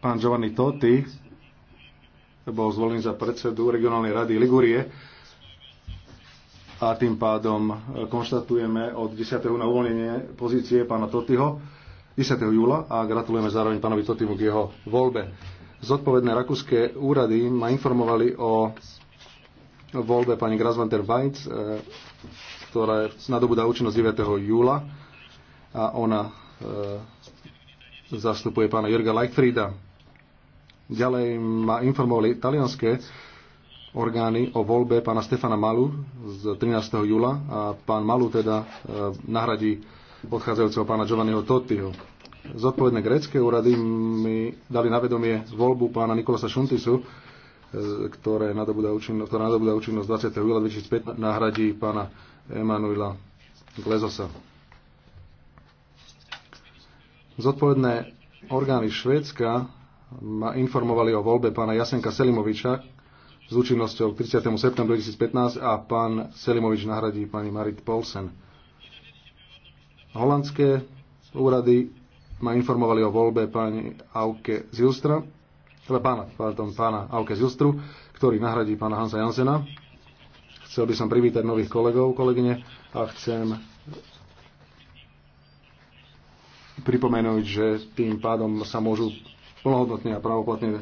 Pán Giovanni Totti bol zvolený za predsedu regionálnej rady Ligurie a tým pádom e, konštatujeme od 10. na uvoľnenie pozície pána Totyho 10. júla a gratulujeme zároveň pánovi Totimu k jeho voľbe. Zodpovedné rakúske úrady ma informovali o voľbe pani Grasvanter Weitz, e, ktorá nadobudá účinnosť 9. júla a ona e, zastupuje pána Jurga Leichfrieda. Ďalej ma informovali talianské orgány o voľbe pána Stefana Malu z 13. júla a pán Malu teda e, nahradí odchádzajúceho pána Giovanniho Tottiho. Zodpovedné grécké úrady mi dali na vedomie voľbu pána Nikolasa Šuntisu, e, ktoré nadobudá účinnosť, ktorá nadobudá účinnosť 20. júla 2005 nahradí pána Emanuela Glezosa. Zodpovedné orgány Švédska ma informovali o voľbe pána Jasenka Selimoviča s účinnosťou k 30. septembru 2015 a pán Selimovič nahradí pani Marit Polsen. Holandské úrady ma informovali o voľbe pani Auke Zilstra, teda pána, pardon, pána Auke Zilstru, ktorý nahradí pána Hansa Jansena. Chcel by som privítať nových kolegov, kolegyne a chcem pripomenúť, že tým pádom sa môžu plnohodnotne a pravoplatne